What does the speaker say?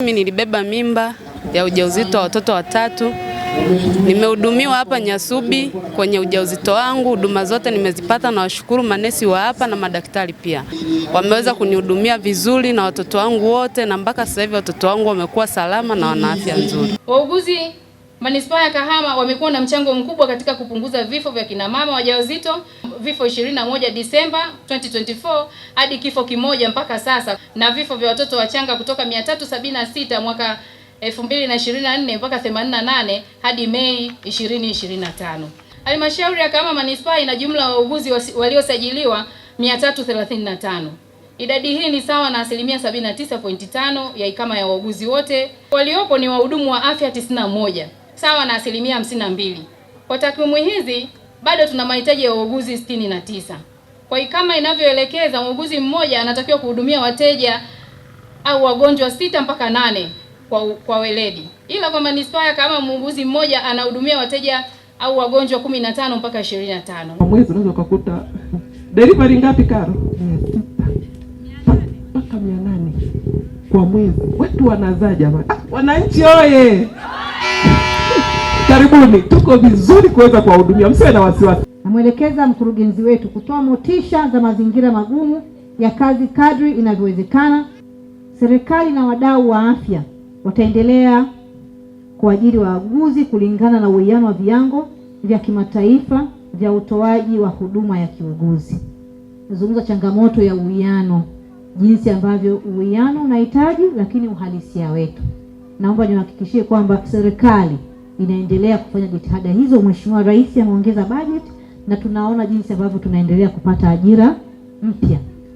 Mimi nilibeba mimba ya ujauzito wa watoto watatu. Nimehudumiwa hapa Nyasubi kwenye ujauzito wangu, huduma zote nimezipata na washukuru manesi wa hapa na madaktari pia wameweza kunihudumia vizuri na watoto wangu wote, na mpaka sasa hivi watoto wangu wamekuwa salama na wana afya nzuri. Wauguzi Manispaa ya Kahama wamekuwa na mchango mkubwa katika kupunguza vifo vya kina mama wajawazito, vifo 21 Disemba 2024 hadi kifo kimoja mpaka sasa, na vifo vya watoto wachanga kutoka 376 mwaka 2024 mpaka 88 hadi Mei 2025. Halmashauri ya Kahama Manispaa ina jumla ya wauguzi waliosajiliwa 335. Idadi hii ni sawa na asilimia 79.5 ya ikama ya wauguzi wote. Waliopo ni wahudumu wa afya 91 sawa na asilimia hamsini na mbili. Kwa takwimu hizi bado tuna mahitaji ya wauguzi sitini na tisa. Kwa hiyo kama inavyoelekeza muuguzi mmoja anatakiwa kuhudumia wateja au wagonjwa sita mpaka nane kwa, kwa weledi, ila kwa manispaa kama muuguzi mmoja anahudumia wateja au wagonjwa kumi na tano mpaka ishirini na tano kwa mwezi. Unaweza ukakuta delivery ngapi karo mpaka mia nane kwa mwezi. Watu wanazaa jamani, ah, wananchi oye! Karibuni, tuko vizuri kuweza kuwahudumia, msiwe na wasiwasi. Namwelekeza mkurugenzi wetu kutoa motisha za mazingira magumu ya kazi kadri inavyowezekana. Serikali na wadau wa afya wataendelea kuajiri wauguzi kulingana na uwiano wa viango vya kimataifa vya utoaji wa huduma ya kiuguzi. Nazungumza changamoto ya uwiano, jinsi ambavyo uwiano unahitaji, lakini uhalisia wetu. Naomba niwahakikishie kwamba serikali inaendelea kufanya jitihada hizo. Mheshimiwa Rais ameongeza bajeti na tunaona jinsi ambavyo tunaendelea kupata ajira mpya.